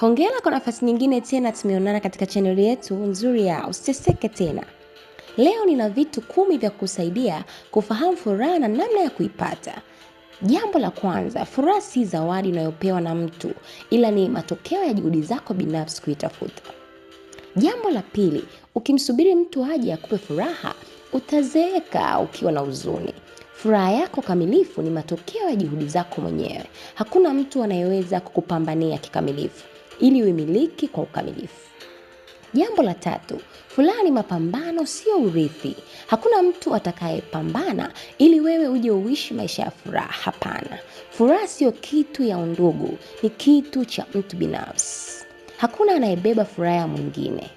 Hongera kwa nafasi nyingine tena, tumeonana katika chaneli yetu nzuri ya Usiteseke Tena. Leo nina vitu kumi vya kusaidia kufahamu furaha na namna ya kuipata. Jambo la kwanza, furaha si zawadi inayopewa na mtu, ila ni matokeo ya juhudi zako binafsi kuitafuta. Jambo la pili, ukimsubiri mtu aje akupe furaha, utazeeka ukiwa na huzuni. Furaha yako kamilifu ni matokeo ya juhudi zako mwenyewe. Hakuna mtu anayeweza kukupambania kikamilifu ili uimiliki kwa ukamilifu. Jambo la tatu, furaha ni mapambano, sio urithi. Hakuna mtu atakayepambana ili wewe uje uishi maisha ya furaha. Hapana, furaha sio kitu ya undugu, ni kitu cha mtu binafsi. Hakuna anayebeba furaha ya mwingine.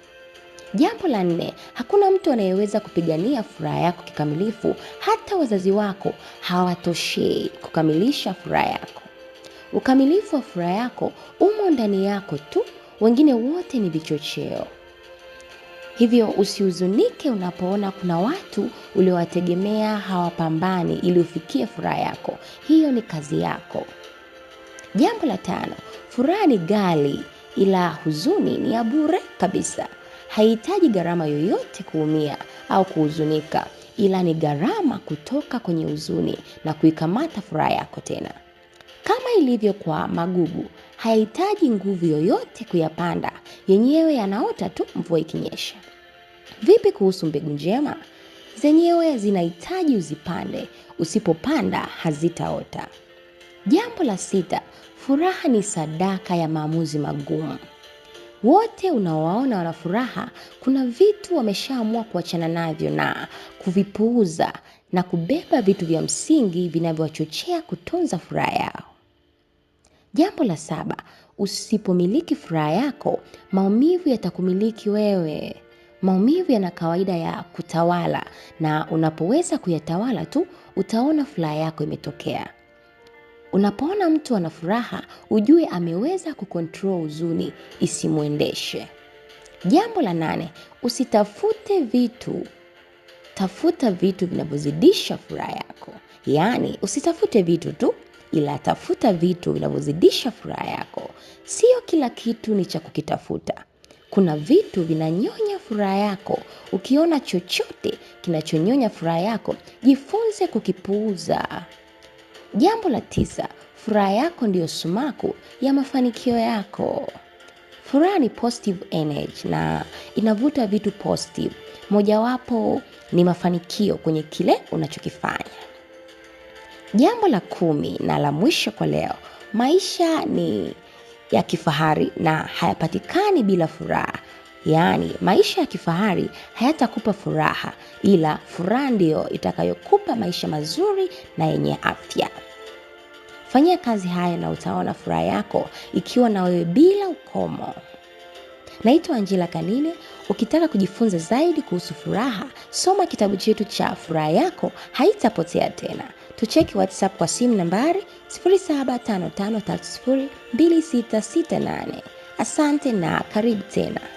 Jambo la nne, hakuna mtu anayeweza kupigania furaha yako kikamilifu. Hata wazazi wako hawatoshei kukamilisha furaha yako. Ukamilifu wa furaha yako ndani yako tu, wengine wote ni vichocheo. Hivyo usihuzunike unapoona kuna watu uliowategemea hawapambani ili ufikie furaha yako. Hiyo ni kazi yako. Jambo la tano, furaha ni ghali, ila huzuni ni ya bure kabisa. Haihitaji gharama yoyote kuumia au kuhuzunika, ila ni gharama kutoka kwenye huzuni na kuikamata furaha yako tena. Kama ilivyo kwa magugu, hayahitaji nguvu yoyote kuyapanda, yenyewe yanaota tu mvua ikinyesha. Vipi kuhusu mbegu njema? Zenyewe zinahitaji uzipande, usipopanda hazitaota. Jambo la sita, furaha ni sadaka ya maamuzi magumu. Wote unaowaona wana furaha, kuna vitu wameshaamua kuachana navyo na kuvipuuza na kubeba vitu vya msingi vinavyowachochea kutunza furaha yao. Jambo la saba, usipomiliki furaha yako, maumivu yatakumiliki wewe. Maumivu yana kawaida ya kutawala, na unapoweza kuyatawala tu, utaona furaha yako imetokea. Unapoona mtu ana furaha, ujue ameweza kukontrol huzuni isimwendeshe. Jambo la nane, usitafute vitu, tafuta vitu vinavyozidisha furaha yako. Yaani, usitafute vitu tu ila tafuta vitu vinavyozidisha furaha yako. Sio kila kitu ni cha kukitafuta. Kuna vitu vinanyonya furaha yako. Ukiona chochote kinachonyonya furaha yako, jifunze kukipuuza. Jambo la tisa, furaha yako ndiyo sumaku ya mafanikio yako. Furaha ni positive energy na inavuta vitu positive. Mojawapo ni mafanikio kwenye kile unachokifanya. Jambo la kumi na la mwisho kwa leo, maisha ni ya kifahari na hayapatikani bila furaha. Yaani, maisha ya kifahari hayatakupa furaha, ila furaha ndiyo itakayokupa maisha mazuri na yenye afya. Fanyia kazi haya na utaona furaha yako ikiwa na wewe bila ukomo. Naitwa Angela Kanine. Ukitaka kujifunza zaidi kuhusu furaha, soma kitabu chetu cha Furaha Yako Haitapotea Tena tucheki WhatsApp kwa simu nambari 0755302668. Asante na karibu tena.